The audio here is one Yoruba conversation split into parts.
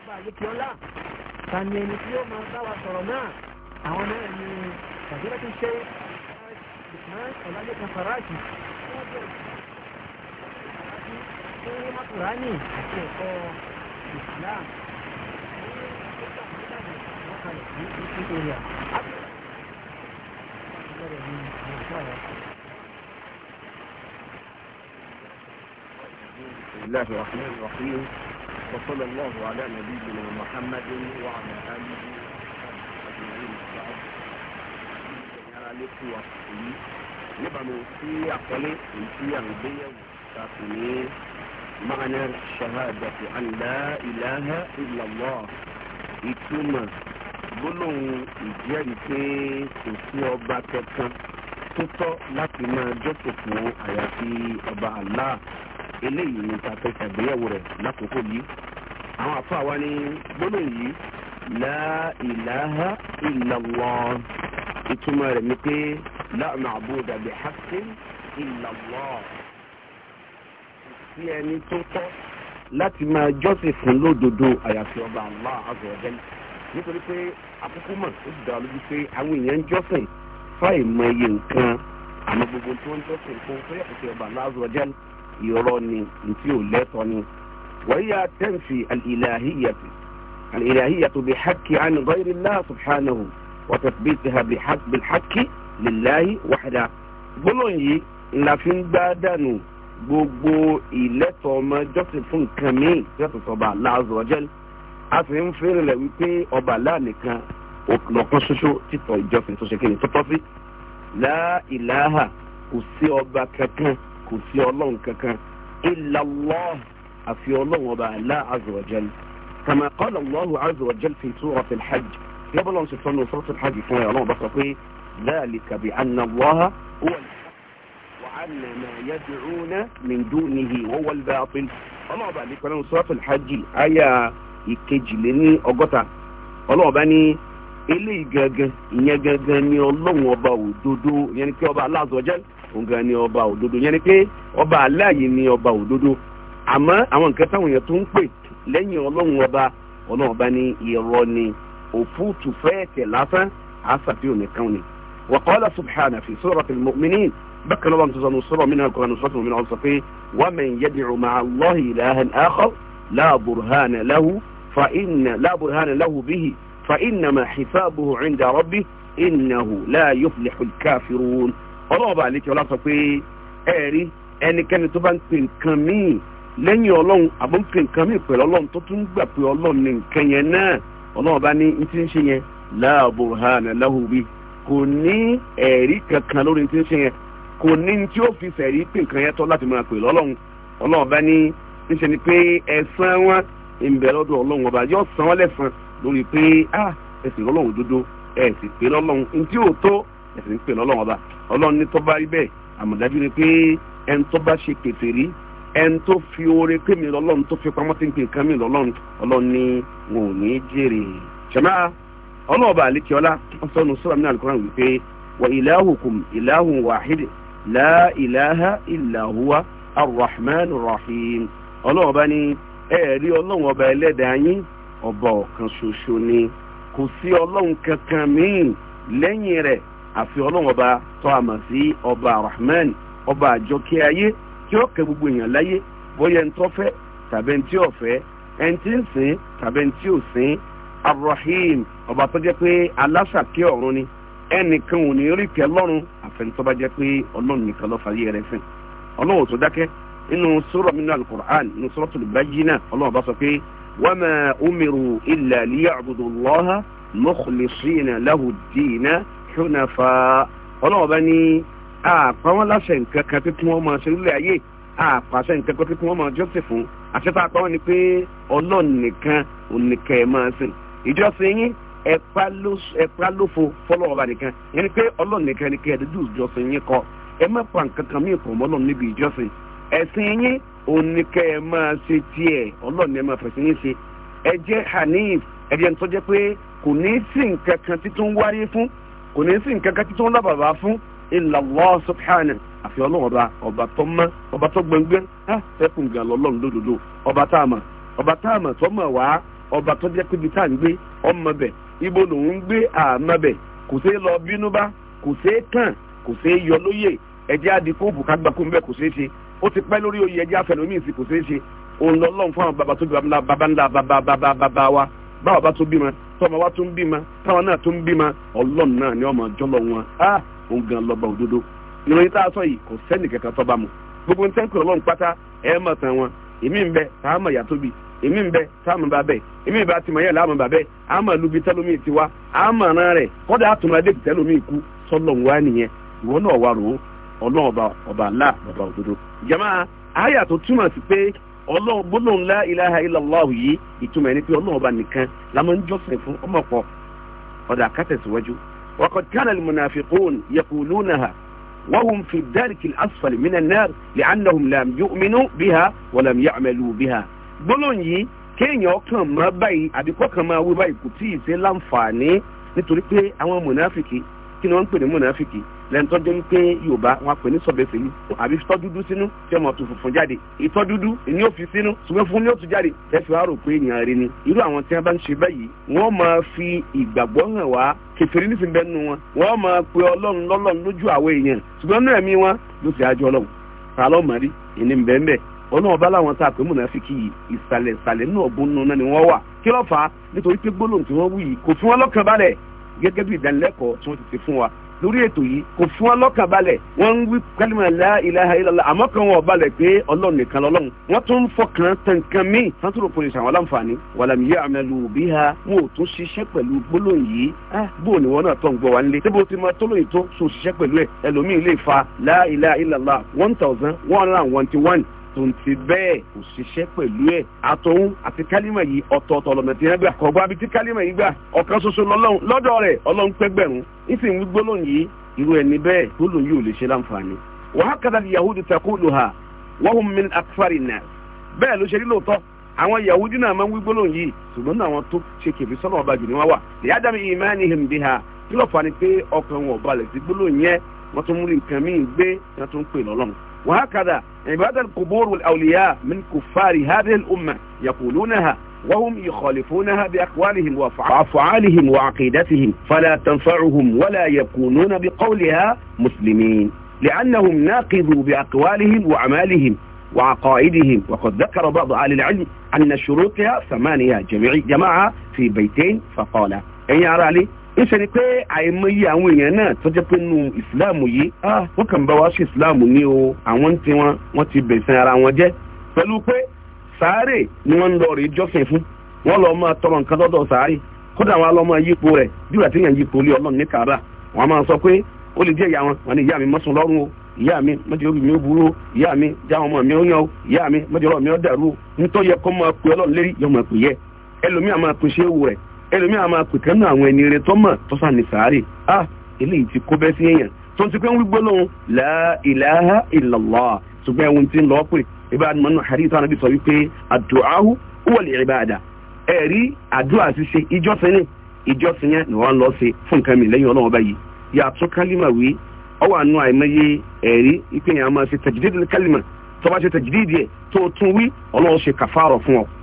ọba àlékiọlá tani ẹni tí ó máa bá wa sọ̀rọ̀ náà àwọn náà ni tàbílẹ̀ ti ṣe ọlálẹ́kan faraji tó ń mọ́ kùránì àti ẹ̀kọ́ Islam Thank you. بسم الله الرحمن الرحيم وصلى الله على نبينا محمد وعلى آله أجمعين àlékún àsìkò yìí níbàámu sí àkọlé èyí à ń gbéyàwó kàtó ní mọ́nà ṣahadàtì àndá ìlànà ìlàlọ́ ìtumọ̀ gbólóhùn ìjẹ́rìí pé kò sí ọba kankan tó tọ́ láti máa jókòó fún àyàfi ọba Allah eléyìí ni ta fẹ́ ṣàgbéyẹ̀wò rẹ̀ lákòókò yìí àwọn àfa wa ni gbọ́dọ̀ yìí la ilaha illallah ìtumọ̀ rẹ̀ ni pé la ma'buda bi haqqin illallah sí ẹni tó tọ́ láti máa jọ́sìn fún lódodo àyàfi ọba Allah azza wa nítorí pé àkókò mọ̀ ó dá lójú pé àwọn èèyàn jọ́sìn fáìmọ̀ iye nǹkan àmọ́ gbogbo tí wọ́n jọ́sìn fún fún yàtọ̀ ọba Allah azza wa irọ́ ni ntí ò lẹ́tọ̀ ni wàyí yà tẹ́ǹfì alìlàhíyàtì alìlàhíyàtì bí hakki àni gbọ́yìrì láà subhanahu wà tẹ̀sibítì ha bí hakki lìláhi wàhadà. gbólóhùn yìí ńlá fi ń gbá dànù gbogbo ìlẹ́tọ̀ ọmọ jọ́sìn fún nǹkan míì jọ́sìn sọ̀bà láàzọ̀ ọjẹ́ a sì ń fẹ́rẹ̀ lẹ̀ wípé ọba láàmìkan lọ́kàn ṣoṣo títọ̀ ìjọsìn tó ṣe kéde tó tọ́ sí. láà kò sí ọba kankan kò sí ọlọ́run kankan illallah àfi ọlọ́run ọba Allah azza wa jal kama qala Allahu azza wa jal fi suratil hajj yọ́bọ̀ lọ́n ṣe sọ ní suratil hajj fún ẹ̀ ọlọ́run bá sọ pé dhalika bi anna Allaha huwa al-haq wa anna ma yad'una min dunihi huwa al-batil ọlọ́run bá ní pẹ̀lú suratil hajj àyà ìkejìléní ọgọ́ta ọlọ́run bá ní. eléyìí gangan ìyẹn gangan ni ọlọ́run ọba òdodo ìyẹn ni pé ọba aláàzọjẹ́ òun gan ni ọba òdodo ìyẹn ni pé ọba aláàyè ni ọba òdodo àmọ́ àwọn nǹkan táwọn èèyàn tó ń pè lẹ́yìn ọlọ́run ọba ọlọ́run ọba ní irọ́ ni òfúùtù fẹ́ẹ̀tẹ̀ lásán àṣàfihàn nìkan ni wàkọ́lá subhana fi suratul mu'minin bákan náà wọn tún sọ nù kọ́ra nù sọ́tù mìíràn wọ́n mẹ́rin yẹ́dìrún máa lahu bihi فإنما حسابه عند ربي إنه لا يفلح الكافرون ọlọ́run bá àlejò ọlá sọ pé ẹ̀rí ẹnikẹ́ni tó bá ń pè nǹkan míì lẹ́yìn ọlọ́run àbọ̀ ń pè nǹkan míì pẹ̀lú ọlọ́run tó tún gbà pé ọlọ́run ní nǹkan yẹn náà ọlọ́run bá ní ní ti ń ṣe yẹn láàbò hànà láhùbí kò ní ẹ̀rí kankan lórí ti ń ṣe yẹn kò ní tí ó fi fẹ̀rí pé nǹkan yẹn tọ́ láti máa pè lọ́lọ́run ọlọ́run bá ní ń lórí pé ah, ẹ̀sìn lọ́lọ́run dúdú ẹ̀sìn pé lọ́lọ́run ntí ò tó ẹ̀sìn pé lọ́lọ́run ọba ọlọ́run ní tọ́ba rí bẹ́ẹ̀ àmọ̀dájú ni pé ẹni tó bá ṣe kèfèrí ẹni tó fi oore pé mi lọ́lọ́run tó fi pamọ́ tí ń nǹkan mi lọ́lọ́run ọlọ́run ní wọn ò ní jèrè ṣàmá ọlọ́ọ̀bà àlékiọ́lá wọ́n sọ nù sọ́ra mi àlùkòrán wípé wa ilahukum ilahun wahid la ilaha illa huwa arrahman rahim ọba ọ̀kan ṣoṣo ni kò sí ọlọ́run kankan míì lẹ́yìn rẹ̀ àfi ọlọ́run ọba tó a mọ̀ sí ọba rahman ọba àjọkẹ́ ayé tí ó kẹ́ gbogbo èèyàn láyé bóyá ń tọ́fẹ́ tàbí ń tí ò fẹ́ ẹni tí ń sìn tàbí ń tí ò sìn arrahim ọba tó jẹ́ pé aláṣàkẹ́ ọ̀run ni ẹnìkan ò ní rí kẹ́ lọ́run àfẹnitọ́ jẹ́ pé ọlọ́run nìkan ló fàyè rẹ̀ sìn ọlọ́run tó dákẹ́ nínú sura min al-Qur'an nínú suratul Bayyinah ọlọ́run bá sọ pé وما أمروا إلا ليعبدوا الله مخلصين له الدين حنفاء ọlọ́wọ́ bá ní àpá wọn láṣẹ nǹkan kan pé kí wọ́n máa ṣe lórí ayé àpàṣẹ nǹkan kan pé kí wọ́n máa jọ́sìn fún àṣetá àpá wọn ni pé ọlọ́run nìkan ònìkan ẹ̀ máa sìn ìjọsìn yín ẹ̀pá lófo fọlọ́wọ́ bá nìkan yẹn ni pé ọlọ́run nìkan ni kẹ́ ìjọsìn yín kọ ẹ má pa nǹkan kan mí ìpọ̀ mọ́ ọlọ́run níbi ìjọsìn ẹ̀sìn yín oníkẹ́ ẹ máa ṣe tiẹ̀ ọlọ́ọ̀ni ẹ máa fẹ̀sìn yín ṣe ẹ jẹ́ hanif ẹ jẹ́ nítorí pé kò ní sí nǹkan kan títún wáyé fún kò ní sí nǹkan kan títún lábàbà fún subhanahu àfi ọba ọba tó ọba tó gbẹngbẹ́ á sẹ́kùn gan lódodo ọba tá a mọ̀ ọba tá a tó wá ọba tó pébi tá à ń gbé ọmọ ibo ẹ̀jẹ̀ adikóòbù kágbà kó ń bẹ̀ kò ṣeé ṣe ó ti pẹ́ lórí oyè ẹ̀jẹ̀ afẹnumíì sí kò ṣeé ṣe òun lọ lọ́n fún àwọn bàbá tó bí bàbá ńlá bàbá ńlá bàbá bàbá wa báwa bá tó bímọ tọmọ wa tó ń bímọ táwọn náà tó ń bímọ ọlọ́run náà ni ọmọ jọlọ wọn á òun gan lọ́ba òdodo ìròyìn tá a sọ yìí kò sẹ́ni kankan tọ́ba mu gbogbo ní tẹ́ńkì ọlọ́run pátá ẹ̀ mọ̀ tán wọn èmi ń bẹ tá a mọ̀ èmi ń bẹ táàmù bá bẹ èmi bá ti yẹn láàmù bá bẹ àmọ lubi tẹlomi ti wa ara rẹ kọdà àtúmọdé tẹlomi ku sọlọ wa ọlọ́run ọba ọba ńlá ọba òdodo. jama aya tó túmọ̀ sí pé ọlọ́run gbólóhùn la ilaha illallah yìí ìtumọ̀ ẹni pé ọlọ́run ọba nìkan la máa ń jọ́sìn fún ọmọ pọ̀ ọ̀dà kátẹ̀síwájú. waqad kana al-munafiqun yaqulunaha وهم في الدارك الأسفل من النار لأنهم لم يؤمنوا بها ولم يعملوا بها gbólóhùn yìí kéèyàn ọkàn máa báyìí àbíkọ́ kan máa wí báyìí kò tí ì ṣe láǹfààní nítorí pé àwọn mùnáfìkì kí ni wọ́n ń pè ní mùnáfìkì lẹ́ńtọ́jọ́ ń pé yorùbá wọn pè ní sọ̀bẹ̀sẹ̀ yìí àbí tọ́ dúdú sínú tí ọmọ tó funfun jáde ìtọ́ ni ó fi sínú ṣùgbọ́n fún ni ó tún jáde tẹ́sí wàá rò pé èèyàn rí ni irú àwọn tí wọ́n bá ń ṣe báyìí wọ́n máa fi ìgbàgbọ́ hàn wá kẹfìrí nísìnyí bẹ́ẹ̀ nu wọn wọ́n máa pe ọlọ́run lọ́lọ́run lójú àwọn èèyàn ṣùgbọ́n náà mi wọn ló ti àjọ ọlọ́run ta ìní ni wọ́n wà kí ló fà á nítorí pé gbólóhùn tí wọ́n wù lórí ètò yìí kò fún wọn balẹ̀ wọ́n ń wí kálímà la ilaha illallah àmọ́ kan wọ́n balẹ̀ pé ọlọ́run nìkan lọ́lọ́run wọ́n tún ń fọkàn tẹ̀ǹkan míì santoro polisi àwọn aláǹfààní wàlàmì yé àmàlù òbí ha wọn ò tún ṣiṣẹ́ pẹ̀lú gbólóhùn yìí ah, bó ni wọn náà tọ̀ ń gbọ́ wa nílé síbo tí máa tólóyìn tó sùn ṣiṣẹ́ pẹ̀lú ẹ̀ ẹlòmíì lè fa la ilaha illallah one thousand one hundred and twenty one tòun ti bẹ́ẹ̀ kò ṣiṣẹ́ pẹ̀lú ẹ̀ àtọ̀hún àti kálímà yìí ọ̀tọ̀ọ̀tọ̀ lọ́nà tí wọ́n gbà kọ̀gbá bíi tí kálímà yìí gbà ọ̀kan ṣoṣo lọ́lọ́run lọ́dọ̀ rẹ̀ ọlọ́run pẹ́gbẹ̀rún ìsìn gbólóhùn yìí irú ẹni bẹ́ẹ̀ gbólóhùn yìí ò lè ṣe láǹfààní. wàhákàtà yahudi takuluha wahum min akfari nas bẹ́ẹ̀ ló ṣe rí lóòótọ́ àwọn yahudi náà máa ń wí gbólóhùn yìí ṣùgbọ́n náà wọn tó ṣe kèfì sọ́nà ọba jù ní wọn wà wọ́n tún mú nǹkan míì gbé wọ́n tún ń pè lọ́lọ́run وهكذا عباد القبور والأولياء من كفار هذه الأمة يقولونها وهم يخالفونها بأقوالهم وأفعالهم وعقيدتهم فلا تنفعهم ولا يكونون بقولها مسلمين لأنهم ناقضوا بأقوالهم وأعمالهم وعقائدهم وقد ذكر بعض أهل العلم أن شروطها ثمانية جميع جماعة في بيتين فقال إن يرى لي ìṣe ni pé àìmọye àwọn èèyàn náà tó jẹ́ pé nu ìsìláàmù yìí ah. wọ́n kàn bá wa ṣe ìsìláàmù ní o àwọn tí wọ́n wọ́n ti bẹ̀sẹ̀ ara wọn jẹ́ pẹ̀lú pé sàárè ni wọ́n ń lọ rèé jọ́sìn fún wọ́n lọ máa tọrọ nǹkan lọ́dọ̀ sàárè kódà wọn lọ máa yípo rẹ̀ bí wàá ti yàn yípo lé ọlọ́run ní kàrà wọn máa sọ pé ó lè jẹ́ ìyá wọn wọn ni ìyá mi mọ́sùn lọ́rùn o ìyá mi mọ́jọ́ orí mi ó burú o ìyá mi já ọmọ mi ó yàn o ìyá mi mọ́jọ́ ọ̀rọ̀ mi ó dàrú o nítorí yẹ kó máa pè ọlọ́run lérí yọ máa pè yẹ ẹlòmíà máa pè ewu rẹ̀ ẹlòmí àwọn apìkan náà àwọn ẹni rẹ tọ́mọ̀ tọ́sà ní sàárè ah eléyìí ti kó bẹ́ẹ̀ sí èèyàn tó ti pé ń wígbó lóhun la ilaha illallah ṣùgbọ́n ẹ̀wọ̀n ti ń lọ́ pè ìbáraẹni mọ́nà hadith anabi sọ wípé àdùáhù huwa al-ibada ẹ̀rí àdúrà ṣíṣe ìjọsìn ní ìjọsìn yẹn ni wọ́n lọ sí fún nǹkan mi lẹ́yìn ọlọ́run báyìí yàtọ̀ kálímà wí ọwọ́ àánú àìmọye ẹ̀rí ìpínyà máa ṣe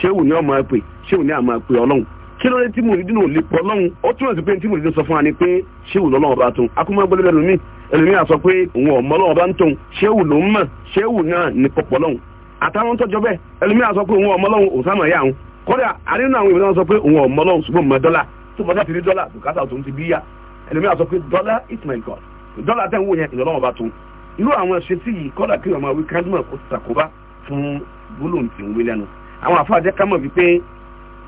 ṣéwù ni ọmọ ẹpẹ ṣéwù ni àmọ ẹpẹ ọlọ́run kí ló dé tí mùrìdì náà lè pọ ọlọ́run ó túmọ̀ sí pé tí mùrìdì sọ fún wa ni pé ṣéwù lọ́lọ́run bá tún akúmọ̀ ẹgbẹ́ lẹ́nu mi ẹlòmí àsọ pé òun ọmọ ọlọ́run bá ń tóun ṣéwù ló ń mọ̀ ṣéwù náà ní pọ̀pọ̀ lọ́run àtàwọn tọ́jọ́ bẹ́ẹ̀ ẹlòmí àsọ pé òun ọmọ ọlọ́run òsàmà yà ń kọ́dà àrínú àwọn ìbílẹ̀ sọ pé òun ọmọ ọlọ́run ṣùgbọ́n mọ dọ́là tó mọ láti rí dọ́là bùkátà tó ń ti bí yá ẹlòmí àsọ pé dọ́là is my god dọ́là tẹ̀ ń wò yẹn ìlọ́lọ́run bá tún irú àwọn ṣe tí yìí kọ́dà kí ọmọ wí kándùmọ̀ kó ṣàkóbá fún gbólóhùn tí ń wí lẹ́nu àwọn àfa àjẹká mọ̀ wípé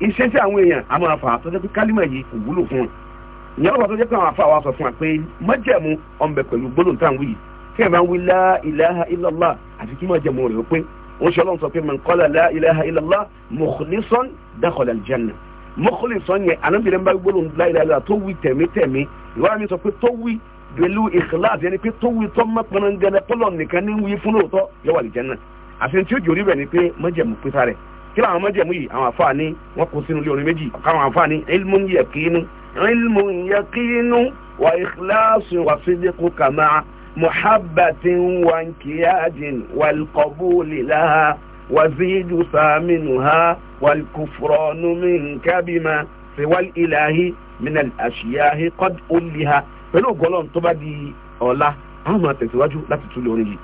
iṣẹ́ sí àwọn èèyàn a máa fà á tó jẹ́ pé kálímà yìí kò wúlò fún un ìyẹn lọ́wọ́ tó jẹ́ pé àwọn àfa wa sọ fún wa pé májẹ̀mú ọ̀nbẹ pẹ̀lú gbólóhùn táwọn yìí kí ẹ̀ máa ń wí la ilaha illallah àti kí májẹ̀mú rẹ̀ pé wọ́n ṣe ọlọ́run sọ pé man qala la ilaha illallah mukhlisan dakhala aljanna mukhlisan yẹn anábìrin bá gbólóhùn la ilaha illallah tó wí tẹ̀mí tẹ̀mí ìwádìí mi sọ pé tó wí pẹ̀lú ìkìláàsì ẹni pé tó wí tó má pọnangẹlẹ pọlọ nìkan ní wí fún lóòótọ́ yọ wà lìjẹ́ náà àṣẹ tí ó jòrí rẹ̀ ni pé májẹ̀mú pé sáré kí làwọn mọ́jẹ̀mú yìí àwọn àfáàní wọn kò sínú ilé orin méjì káwọn àfáàní ilmu yakinu ilmu yakinu wa ikhlasu wa sidiku kama muhabbatin wa nkiyajin wal qabuli laha wa zidu saminuha wal kufranu min kabima siwal ilahi minal ashiyahi qad uliha pẹ̀lú ògbọ́lọ́n tó bá di ọ̀la àwọn àtẹ̀síwájú láti túlẹ̀ orin yìí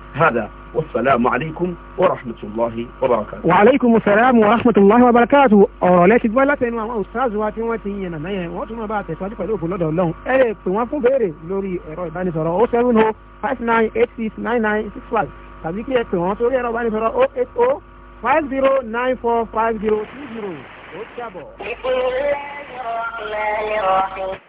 والسلام عليكم ورحمة الله وبركاته. وعليكم السلام ورحمة الله وبركاته. rahmatulahi wa barakatu. ọ̀rọ̀ lẹ́sìn gbọ́ látẹnu àwọn ustaazu wa tí wọ́n ti yànnà náà yẹn wọ́n tún máa bá a tẹ̀síwájú pẹ̀lú òkú lọ́dọ̀ ọlọ́run ẹ lè pè wọ́n fún béèrè lórí ẹ̀rọ ìbánisọ̀rọ̀ o oh seven o oh five nine eight six nine nine six five tàbí kí ẹ pè wọ́n sórí ẹ̀rọ ìbánisọ̀rọ̀ o oh eight o five zero nine four five zero three zero ó jábọ̀. ìpínlẹ̀